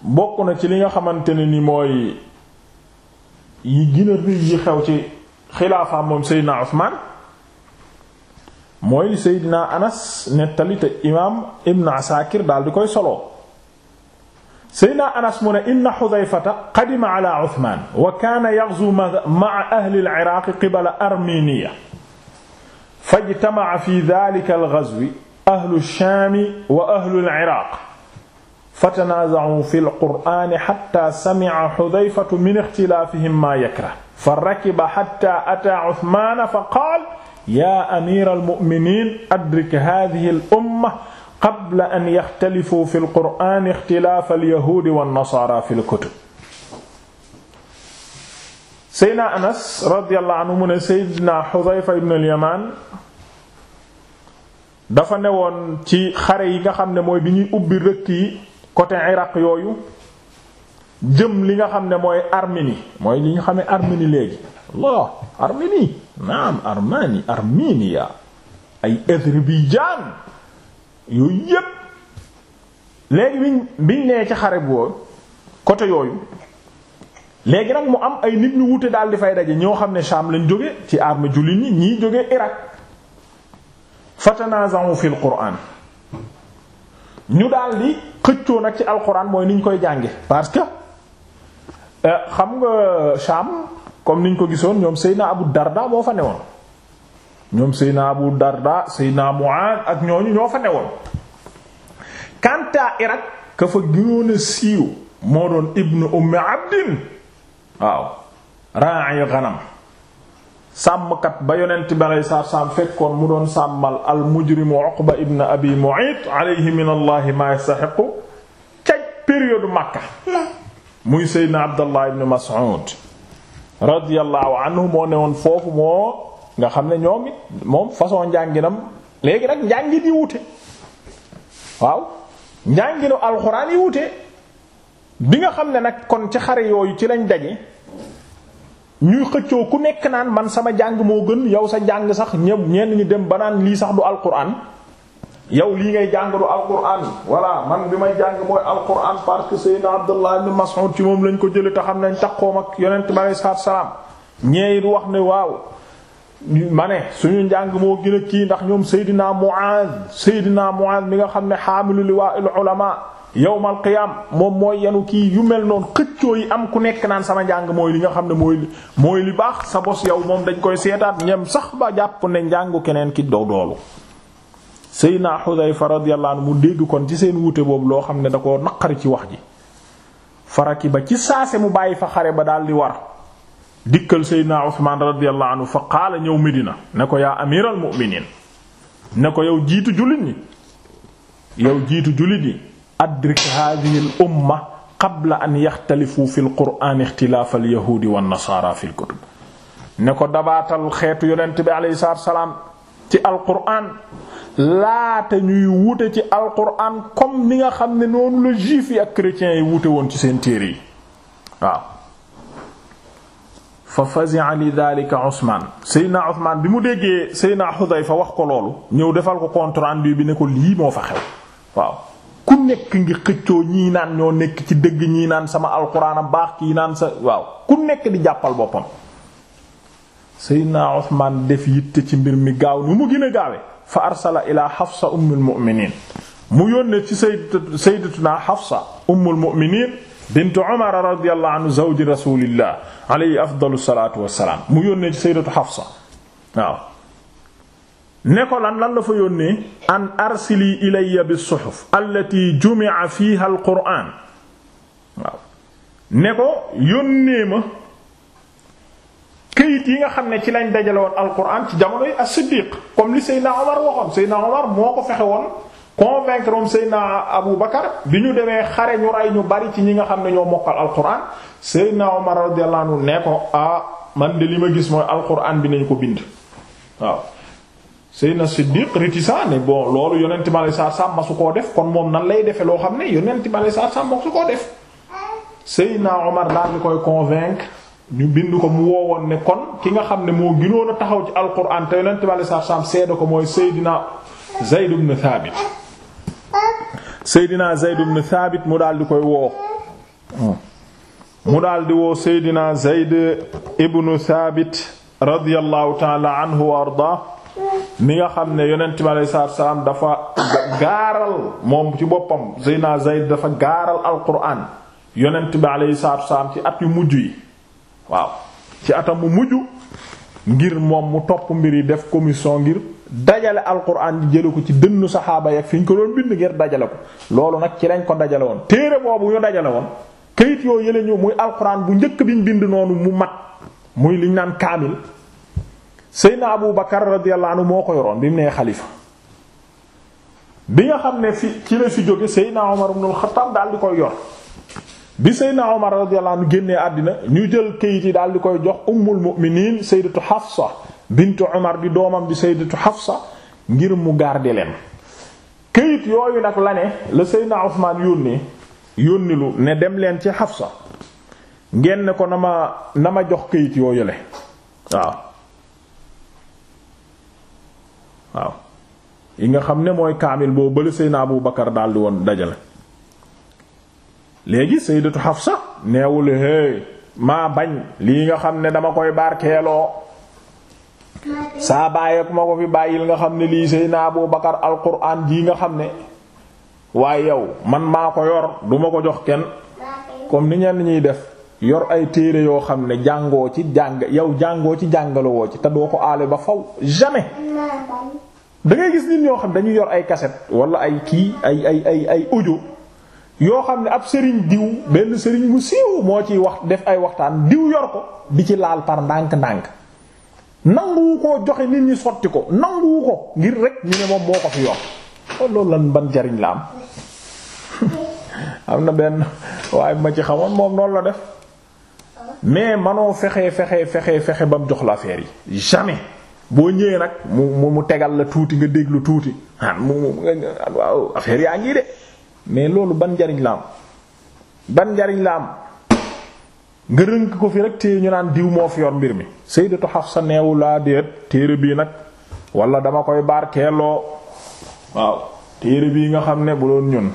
bokk na ci li nga xamante ne ni mooy yi gën a rëy yi xew ci xilaafa moom Seydina Usmaan mooy Seydina Anas nettali te imaam Ibn Asakir daal di koy solo Seydina Anas mu ne inna Xudayfata qadima ala Usmaan wa kaana yaghzu ma'a ahli al-Iraaq qibala Arminiya fajtama'a fi dhaalika al-ghazwi ahlu ash-Shaam wa ahlu al-Iraaq fatanaazacu fi lqur'ani xatta samica xudayfatu min ixtilaafihim maa yakrah fa rakiba xatta ataa usmaana fa qaal yaa amiira almu'miniin adrik haadihi al-umma qabla an yaxtalifuu fi lqur'ani ixtilaafa alyahuudi wannasaaraa fi lkutub. Seydina Anas radiyallahu anhu mu ne Seydina Xudayfa ibn al-Yamaan dafa newoon ci xare yi nga xam ne mooy bi ñuy ubbi rëkk yi. côté Irak yooyu jëm li nga xam ne mooy Arménie mooy li ñu xamee Arménie léegi Allah Arménie naam Armani ay Azerbaïdjan yooyu yépp léegi biñ biñ nee ci xare boobu côté yooyu léegi nag mu am ay nit ñu wute daal di fay daje ñoo xam ne Sham lañ jóge ci arme jullit ñi ñii jóge Irak fatanaza'u fil Qur'an ñu daal xëccoo nag ci alxuraan mooy ni ñu koy jànge parce que euh, xam nga Sham comme niñ ko gisoon ñoom Seydina Abu Darda moo fa newoon ñoom Seydina Abu Darda Seydina Mu'ad ak ñooñu ñoo fa newoon kanta Irak ka fa gënoon siiw moo doon ibnu Ummi Abdin waaw ra'i ghanam sàmmkat ba yonent bi aleyhi salaatu fekkoon mu doon sàmmal al mujrimu Uqba ibn Abi Mu'ayt aleyhi ma Allah ma yastahiqu ca période Makka muy Seydina Abdallah ibn Mas'ud radiyallahu anhu moo ne woon foofu moo nga xam ne ñoom it moom façon njànginam léegi nag njàngin yi wute waaw njànginu alxuraan yi wute bi nga xam ne nag kon ci xare yooyu ci lañ daje. ñuy xëccoo ku nekk naan man sama jàng moo gën yow sa jàng sax ñëpp ñenn ñi dem ba naan lii sax du alquran yow lii ngay jàng du alquran voilà man bi may jàng mooy alquran parce Seydina Abdullah ibn Mas'ud ci moom lañ ko jëlee te xam nañ taxoom ak yonent bi alayhi salaatu salaam ñeey du wax ne waaw. mane ne suñu njàng moo gën a kii ndax ñoom Seydina Mu'adh Seydina Mu'adh mi nga xam ne xaamilu liwaa'il ulama yawmal qiyaam moom mooy yenu kii yu mel noonu xëccoo yi am ku nekk naan sama njàng mooy li nga xam ne mooy mooy li baax sa bos yow moom dañ koy seetaat ñem sax ba jàpp ne njàngu keneen ki doo doolu Seydina Xudayfa radiyallahu anhu mu dégg kon ci seen wuute boobu loo xam ne da ko naqari ci wax ji faraki ba ci saase mu bàyyi fa xare ba daal di war dikkal Seydina Usmaan radiyallahu anhu fa qaala ñëw Medina ne ko yaa amiral mu'miniin ne ko yow jiitu jullit ñi jiitu jullit ñi adrik hadhihi al umma qabla an yaxtalifu fi alquraan ixtilaaf alyahuudi wa nasaara fi alkutub ne ko dabaatal xeetu yonent bi alayhi salaatu salaam ci alquraan laata ñuy wute ci alquraan comme ni nga xam ne noonu la juif yi ak chrétiens yi wute woon ci seen téere yi waaw fa fazi'a li bi mu déggee Seydina Xudayfa wax ko loolu ñëw defal ko compte rendu bi ne ko lii moo fa xew ku nekk ngi xëccoo ñii naan ñoo nekk ci dëgg ñii naan sama alxuraan baax kii naan sa waaw ku nekk di jàppal boppam seydna Usmaan def yitte ci mbir mi gaaw nu mu gën a gaawe fa arsala ila Hafsa ummul mu'miniin mu yónnee ci sayyidat sayyidatuna Hafsa ummul mu'miniin bint Umar radiyallahu anhu zawji rasulillah alayhi afdalu salaatu wassalaam mu yónnee ci sayyidatu Hafsa waaw ne ko lan lan la fa yónnee an arsili ilayya bi suhuf allati jumi'a fiha al qur'an waaw ne yónnee ma këyit yi nga xam ne ci lañ dajale woon al qur'an ci jamonoy as-siddiq comme li Seydina Omar waxoon Seydina Omar moo ko fexe woon convaincre moom Seydina Abu Bakar bi ñu demee xare ñu rey ñu bari ci ñi nga xam ne ñoo mokkal alquran Seydina Omar radiyallahu anhu ne ko ah man de li ma gis mooy alquran bi nañu ko bind waaw Seydina Siddiq réticent ne bon loolu yonent ma lay ma su koo def kon moom nan lay defe loo xam ne yonent ma lay ma su koo def Seydina Omar daal koy convaincre ñu bind ko mu woowoon ne kon ki nga xam ne moo gënoon a taxaw ci alquran te yonent ma saa saa ko mooy Seydina Zayd ibn Thabit Seydina Zayd mu daal di koy woo mu daal woo Seydina Zayd ibn Thabit radiyallahu ta'ala anhu wa ardaa mi nga xam ne yonent bi alayhi salaatu salaam dafa gaaral moom ci boppam Seydina Zayd dafa gaaral alquran yonent bi alayhi salaatu salaam ci at yu mujj yi waaw ci atam mu mujj ngir moom mu topp mbir yi def commission ngir dajale alquran di jële ko ci dënnu saxaaba yi ak fi ñu ko doon bind ngir dajale ko loolu nag ci lañ ko dajale woon téere boobu ñu dajale woon kayit yoo yële ñu muy alquran bu njëkk biñ bind noonu mu mat muy liñ naan kaamil Seydina Abu Bakar radiyallahu anhu moo ko yoroon bi mu nee xalifa bi nga xam ne fi ci la fi jóge Seydina Omar ibn al-Khattab daal di koy yor bi Seydina Omar radiyallahu anhu génnee àddina ñu jël kayit yi daal di koy jox ummul mu'minin Sayyidatu Hafsa bintu Omar di doomam di Sayyidatu Hafsa ngir mu garder leen. kayit yooyu nag la ne la Seydina Ousmane yónni yónni lu ne dem leen ci Hafsa ngeen ne ko na ma na ma jox kayit yooyu le waaw. waaw yi nga xam ne mooy kaamil boo bële Seydina Abu Bakar daldi woon dajale léegi Sayyidatu Hafsa neewul hey maa bañ lii nga xam ne dama koy barkeeloo saa bàyyi ak ma ko fi bàyyil nga xam ne lii Seydina Abu Bakar alquran jii nga xam ne waaye yow man maa ko yor duma ko jox kenn comme ni ñenn ñuy def yor ay téere yoo xam ne jàngoo ci jàng yow jàngoo ci jàngalowoo ci te doo ko aale ba faw jamais da ngay gis nit ñoo xam ne dañuy yor ay cassette wala ay kii ay ay ay ay audio yoo xam ne ab sëriñ diw benn sëriñ bu siiw moo ci wax def ay waxtaan diw yor ko bi ci laal par ndànk-ndànk nanguwu ko joxe nit ñi sotti ko nanguwu ko ngir rek ñu ne moom moo ko fi yor oh, loolu lan ban jariñ la am am na benn waaye ma ci xamoon moom noonu la def mais manoo fexe fexe fexe fexe ba mu jox la affaire yi jamais boo ñëwee nag mu mu tegal la tuuti nga déglu tuuti han mu mu waaw affaire yaa ngi de mais loolu ban njariñ la am ban njariñ la am nga rënk ko fi rek te ñu naan diw moo fi yor mbir mi Sayyidatu sa neewu laa déet téere bii nag wala dama koy barkeeloo waaw téere bii nga xam ne bu doon ñun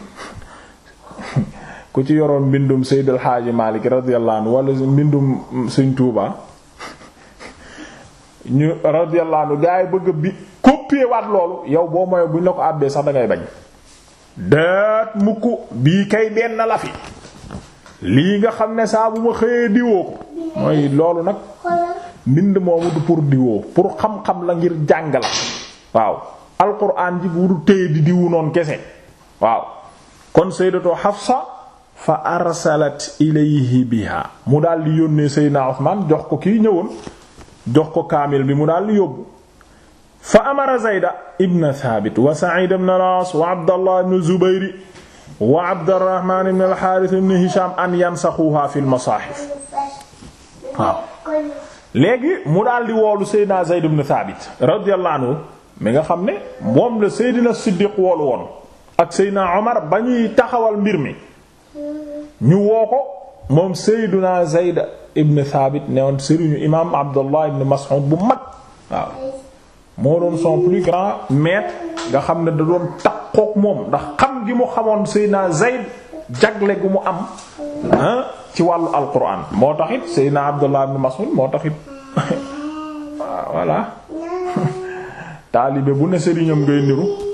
ku ci yoroon mbindum Seydil Xaaji Malik radiyallahu anhu wala mbindum Sëñ Tuuba ñu radiyallahu anhu gaa yi bëgg bi copier loolu yow boo moyo buñ la ko àbbee sax da ngay bañ daat mukk bii kay benn la fi lii nga xam ne saa bu ma xëyee diwoo ko mooy loolu nag mbind moomu du pour diwoo pour xam-xam la ngir jàng la waaw alquran ji bu du téye di diwu noonu kese waaw kon sayyidatu Hafsa fa arsalat ilayhi biha mu daal di yónnee Seydina Usmaan jox ko kii ñëwoon jox ko kaamil bi mu daal di yóbbu fa amara Zayda ibn Thabit wa Sa'id ibn al wa Abdallah ibn Zubayr wa Abdurrahman ibn al-Harith Hisham an yansaxuha fi al-masahif léegi mu daal di woolu Seydina Zayd ibn Thabit radiyallahu anhu mi nga xam ne moom la Seydina Siddiq woolu woon ak Seydina Omar ba ñuy taxawal mbir mi ñu woo ko moom Seydina Zayd ibn Thabit ne woon sëriñu imaam Abdullah ibn Mas'ud bu mag waaw moo doon son plus grand maître nga xam ne da doon takkook moom ndax xam gi mu xamoon Seydina Zayd jagle gu mu am ah, ci wàllu alquran moo taxit Seydina Abdullah ibn Mas'ud moo taxit voilà taalibe bu ne sëriñam ngay niru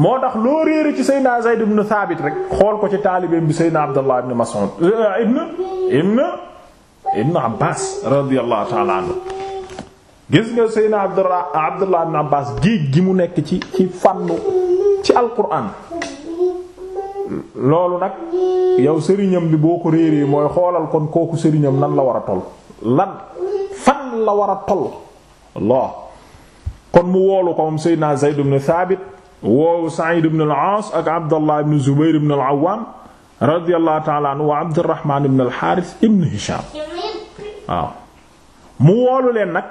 moo tax loo réere ci Seydina Zayd ibn Thabit rek xool ko ci taalibeem bi Seydina Abdallah ibn Mas'ud eh, ibn ibn ibn Abbas radiyallahu ta'ala gis nga Seydina Abdallah ibn Abbas géej gi mu nekk ci ci fànnu ci loolu nag yow sëriñam bi boo ko réeree mooy xoolal kon kooku sëriñam nan la war a tol lan fan la war a toll Allah kon mu woolu ko moom Seydina Zayd ibn Thabit woow Sa'id ibn aas ak Abdallah ibn Zubayr ibn al-Awwam radiyallahu ta'ala anhu wa Abdurrahman ibn al-Harith Hisham waaw mu woolu leen nag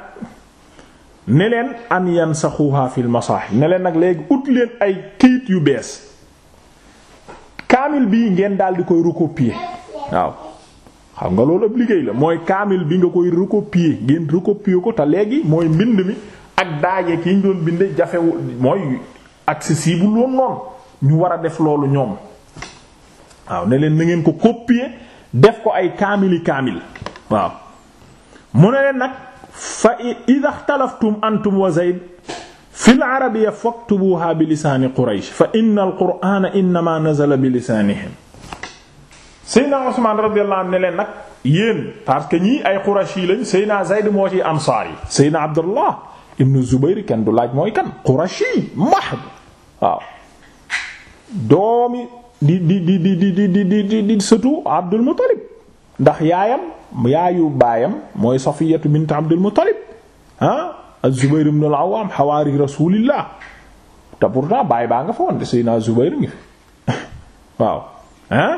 ne leen an sa fil masaahif ne leen nag léegi ut leen ay kayit yu bees kaamil bi ngeen daal di koy recopier waaw xam nga loolu ab liggéey la mooy kaamil bi nga koy recopier ngeen recopier ko te léegi mooy mbind mi ak daaje ki ñu doon bind jafewul mooy accessible woon noonu ñu war a def loolu ñoom neleen ne ngeen ko copier def ko ay kaamili kaamil mu ne nag fa idha ikhtalaftum antum wa zayd fil arabiyya faktubuha bi lisaani quraysh fa innal qur'ana innama nazala bi lisaanihim Seyna Usman radiyallahu anhu ne leen nag yéen parce que ñii ay quraysh yi lañ Seyna Zayd moo ci ansaar yi Abdullah ibn Zubayr kenn du laaj mooy kan quraysh mahd waaw doomi di di di di di di di di sëtu Abdul Muttalib ndax yaayam yaayu baayam mooy Safiyatu bint Abdul Muttalib ah az-Zubayr ibn al xawaari rasulillah te pourtant baay baa nga fa woon Seydina Zubayr ngi fi waaw ah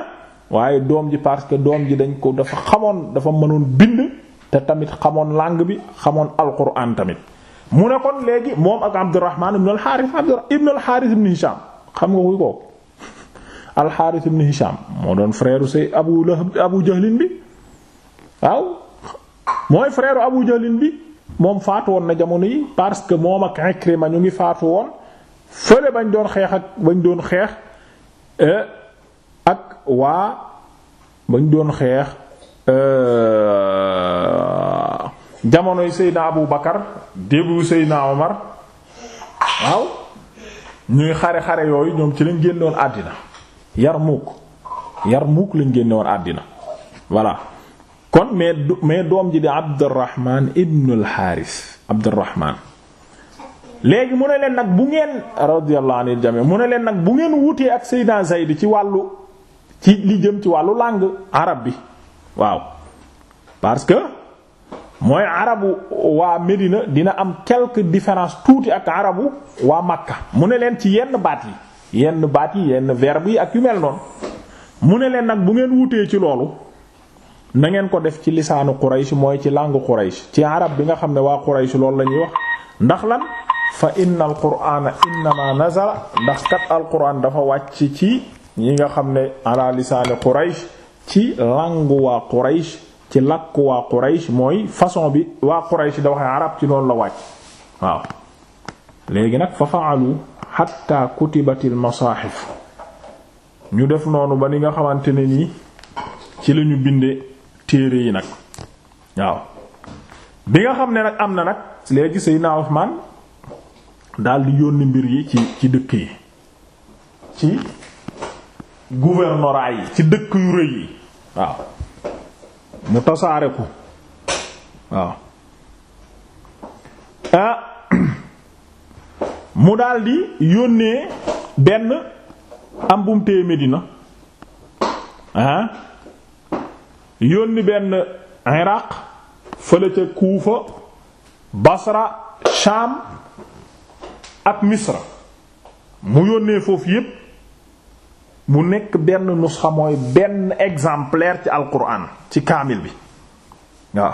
waaye doom ji parce que doom ji dañ ko dafa xamoon dafa mënoon bind te tamit xamoon langue bi xamoon alquran tamit mu ne kon léegi moom ak Abdurrahman ibn al-Harith ibn al-Harith ibn Hisham xam nga kuy kooku al Hisham moo doon frère say Abu Lahab Abu Jahlin bi mooy frère Abu Jahlin bi moom faatu woon na jamono yi parce que moom ak Ikrima ñu ngi faatu woon fële bañ doon xeex ak bañ doon xeex eh, ak waa bañ doon xeex eh, jamono jamonoy Seydina Abu Bakar début Seydina Omar waaw ñuy xare xare yooyu ñoom ci lañ génnoon àddina Yarmouk Yarmouk lañ génnoon àddina voilà kon mais mais doom ji di Abdurrahman ibn al-Haris Abdurrahman léegi mu ne leen nag bu ngeen radiyallahu anil jami mu ne leen nag bu ngeen wutee ak Seydina Zayd ci wàllu ci li jëm ci wàllu làng arab bi waaw parce que mooy arabu waa Medina dina am quelque différence tuuti ak arabu waa Makka mu ne leen ci yenn baat yi yenn baat yi yenn verbe yi ak yu mel noonu mu ne leen nag bu ngeen wutee ci loolu na ngeen ko def ci lisaanu Quraysh mooy ci langue Quraysh ci arab bi nga xam ne waa Quraysh loolu la ñuy wax ndax lan fa inna al qur'ana innama nazala ndax kat al qur'an dafa wàcc ci ñi nga xam ne ala lisaani Quraysh ci langue waa Quraysh ci làkku waa Quraysh mooy façon bi waa Quraysh da arab ci noonu la wàcc waaw léegi nag fa faalu xatta kutibatil masaahif ñu def noonu ba ni nga xamante ne nii ci lañu binde téere yi nag waaw bi nga xam ne nag am na nag léegi Seydina Usmaan daldi yónni mbir yi ci ci dëkk yi ci gouvernorat yi ci dëkk yu rëy yi waaw mu tasaare ko waaw ah, mu daldi yónnee benn am bu Medina ah yónni benn Iraq fële Kuufa Basra Sham ak Misra mu yónnee foofu yépp mu nekk benn nusxa mooy benn exemplaire ci alquran ci kaamil bi waaw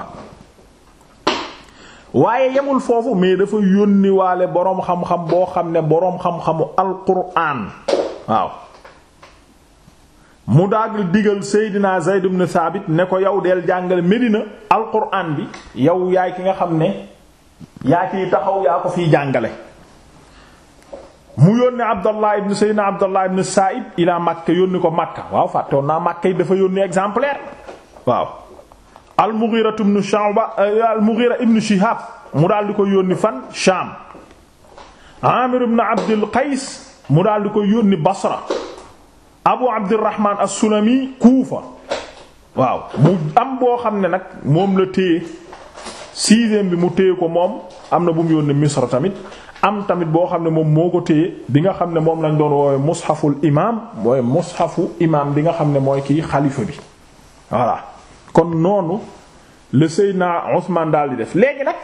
waaye yemul foofu mais dafa yónni waale boroom xam-xam boo xam ne boroom xam-xamu alquran waaw mu daal digal Seydina Zayd ibn Thabit ne ko yow deel jàngale Medina alquran bi yow yaay ki nga xam ne yaa ciy taxaw yaa ko fiy jàngale mu yónni Abdallah ibn Seydina Abdallah ibn Saib ila Makka yónni ko Makka waaw fàttewoon naa Makka yi dafa yónni exemplaire waaw al-Mughira ibn Shu'ba euh, al-Mughira mu daal di ko yónni fan Sham Amir mu daal di ko yónni Basra Abu Abdurrahman as-Sulami waaw mu am boo xam ne nag moom la téye sixième bi mu téye ko moom am na bu mu yónnee Misra tamit am tamit boo xam ne moom moo ko téye bi nga xam ne moom lañ doon woowee mushaful imaam mooy mushafu imaam bi nga xam ne mooy kii xalifa bi voilà kon noonu le Seydina Ousmane daal di def léegi nag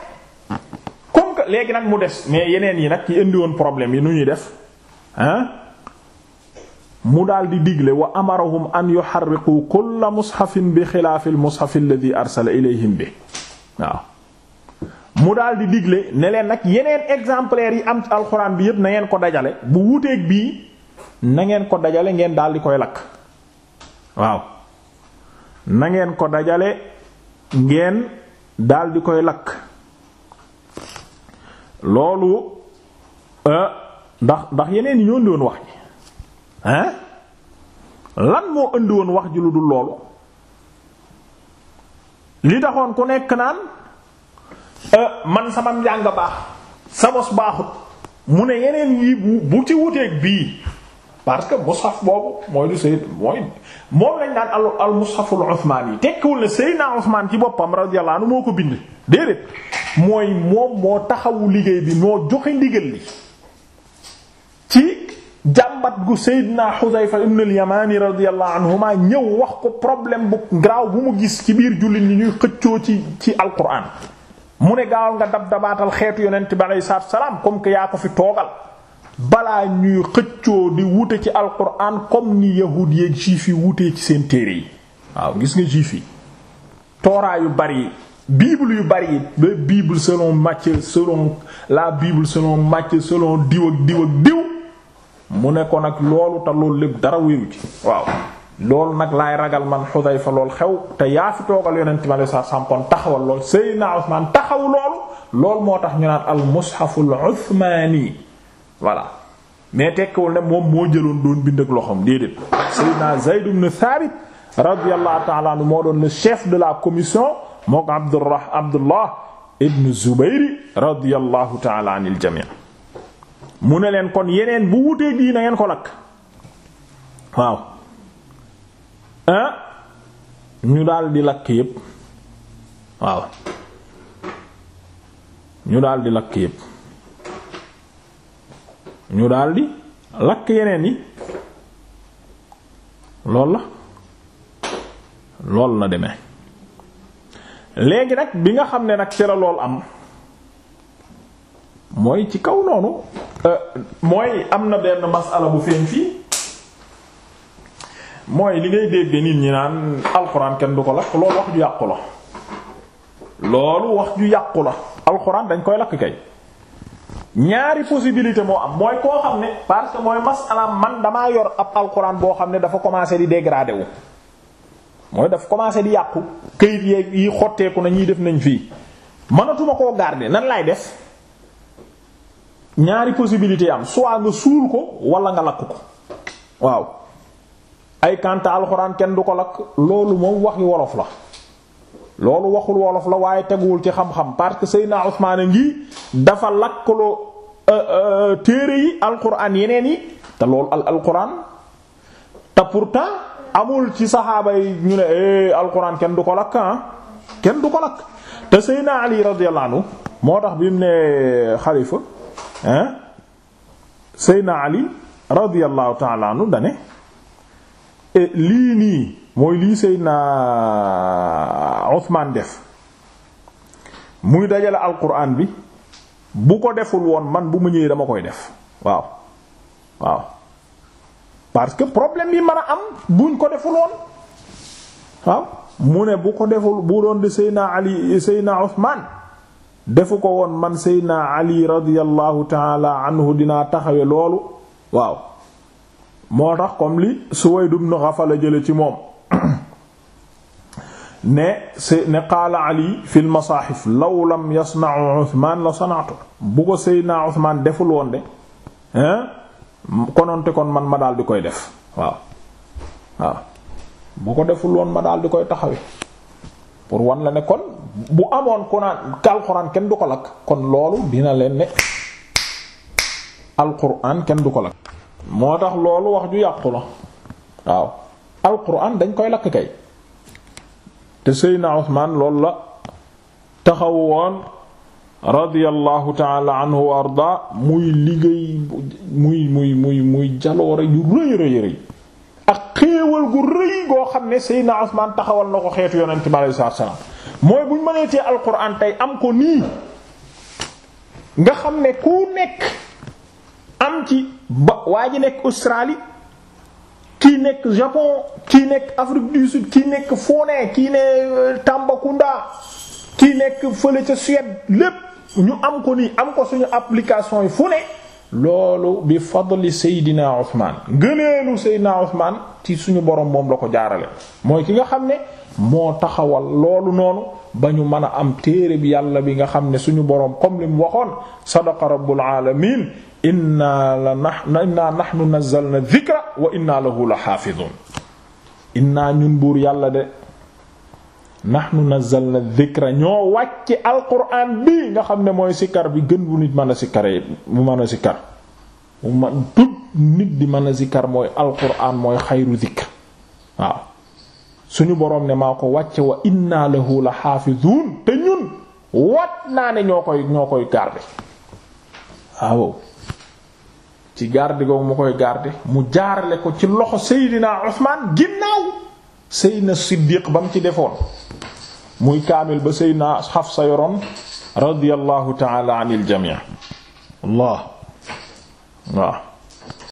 comme que léegi nag mu des mais yeneen yi nag yi indi woon problème yi nu ñuy def ah mu daal di digle wa amarahum an yuharriqu kulla mushafin bi xilaafil mushaf alladhi arsala ilayhim bi waaw mu daal di digle neleen nag yeneen exemplaires yi am ci alxuraan bi yépp na ngeen ko dajale bu wuteeg bii nangeen ko dajale ngeen daal di koy lakk waaw na ko dajale ngeen daal di koy lakk loolu euh, ndax ndax yeneen yi ñoo indi woon wax ji hein lan moo indi woon wax ji lu dul loolu li taxoon ku nekk naan Euh, man sama njàng baax sa mos baaxut mu ne yeneen yi bu ci wuteeg bii parce que mushaf boobu mooy du sayyid mooy moom lañ naan al al mushaful Usmaan yi tekkiwul ne Seydina Usmaan ci boppam radiyallahu anhu moo ko bind déedéet mooy moom moo taxawu liggéey bi moo joxe ndigal li ci jàmbat gu Seydina Xudayfa ibn al-Yamaani radiyallahu ñëw wax ko problème bu graaw bu mu gis ci biir jullit ñi ñuy xëccoo ci ci alquran mu ne gaaw nga dab dabaatal xeetu yonent bi aleyhi salaatu salaam comme que yaa ko fi toogal balaa ñuy xëccoo di wute ci alquran comme ni yahud yeek juif yi wutee ci seen téere yi waaw gis nga juif yi tooraa yu bari yi yu bari yi la bible selon Matthieu selon la bible selon Matthieu selon diw ak diw ak diw mu ne ko nag loolu te loolu lépp dara wéeru ci waaw loolu nag laay ragal man Xudayfa lool xew te yaa fi toogal yonent mi alei sat selaam kon taxawal lool Seydina Usmaan taxaw loolu loolu moo tax ñu naan al mushaful usmaani voilà mais tekkiwul ne moom moo jëloon doon bind ak loxoom déedéet Seydina Zayd ibn Thabit radiyallahu ta'ala moo doon le chef de la commission mook Abdurrah Abdullah ibn Zubayr radiyallahu ta'ala anil jami' mu ne leen kon yeneen bu wutee dii na ko lakk ah ñu daldi lakk yépp waaw ñu daal lakk yépp ñu daldi lakk yeneen yi lool la lool na deme léegi nag bi nga xam ne nag ci lool am mooy ci kaw noonu. Euh, mooy am na benn masala bu feeñ fii. mooy li ngay dégg nit ñi naan alxuraan kenn du ko lakk loolu wax ju yàqu la loolu wax ju yàqu la alxuraan dañ koy lakk kay ñaari possibilité moo am mooy koo xam ne parce que mooy masala man dama yor ab alxuraan boo xam ne dafa commencé di dégradé wu mooy def commencé di yàqu këyit yeeg yi xotteeku na ñuy def nañ fii mënatuma koo garder nan laay des ñaari possibilité am soit nga suul ko walla nga lakk ko waaw ay kanta alxuraan kenn du ko lakk loolu moom waxi wolof la loolu waxul wolof la waaye teguwul ci xam-xam parce que Seydina Usmaan ngi dafa lakkaloo euh, euh, téere yi alxuraan yeneen yi te loolu al alxuraan te pourtant amul ci saxaaba yi ñu ne eh, alxuraan kenn du ko lakk ah kenn te Seydina Ali radiyallahu anhu moo tax bi ne xalifa ah Seydina Ali radiyallahu ta'ala dane lii nii mooy lii Seydina Usmaan def muy dajale alquran bi bu ko deful woon man bu mu ñëwee dama koy def waaw waaw parce que problème yi mën a am buñ ko deful woon waaw mu ne bu ko deful bu doon di Seydina Ali Seydina Usmaan defu ko woon man Seydina Ali radiyallahu taala anhu dinaa taxawe loolu waaw moo tax comme li Suwayd ibn Ghafala jële ci moom ne se ne qaala ali fi l masaxif law lam yasnau uthman la sanaato bu ko seydna uthman deful woon de kononte kon man ma daal di koy def waaw waaw bu ko deful woon ma daal di koy taxawe pour wan la ne kon bu amoon ku kenn du ko lakk kon loolu dina leen ne alquran kenn du ko lakk moo tax loolu wax ju yàqu la waaw alquran dañ koy lakk kay te Seydina Usmaan loolu la taxawu woon radiyallahu taala anhu wa arda muy liggéey muy muy muy muy jaloore yu rëy rëy rëy ak xéewal gu rëy goo xam ne Seydina Usmaan taxawal na ko xeetu yonent mi alayhi salaatu salaam mooy buñ mëneetee alquran tey am ko nii nga xam ne ku nekk am ci ba waa ji nekk Australie kii nekk Japon kii nekk Afrique du Sud kii nekk Fone kii ne euh, Tambacounda kii nekk fële ca Suède lépp ñu am ko nii am ko suñu application yi fu ne loolu bi fadli Seydina Ousmane gëneelu Seydina Ousmane ci suñu borom moom la ko jaarale mooy ki nga xam ne moo taxawal loolu noonu ba ñu mën a am téere bi yàlla bi nga xam ne suñu borom comme li mu waxoon sadaqa rabbul alamin inna la na inna nahnu nazzalna dhikra wa inna lahu la xaafidun inna ñun buur yàlla de nahnu nazzalna dhikra ñoo wàcc alquran bi nga xam ne mooy sikkar bi gën bu nit mën a sikkaree bu mën a sikkar bu man tut nit di mën a sikkar mooy alquran mooy xayru dhikr waaw suñu boroom ne maa ko wàcce wa inna lahu la xaafidun te ñun wat naa ne ñoo koy ñoo koy garder waaw ci garde googu ma koy garde mu jaarale ko ci loxo Seydina Usmaan ginnaaw Seydina Siddiq ba mu ci defoon muy kaamil ba Seydina Xafsa yoroon radiyallahu ta'ala anil jami' Allah waaw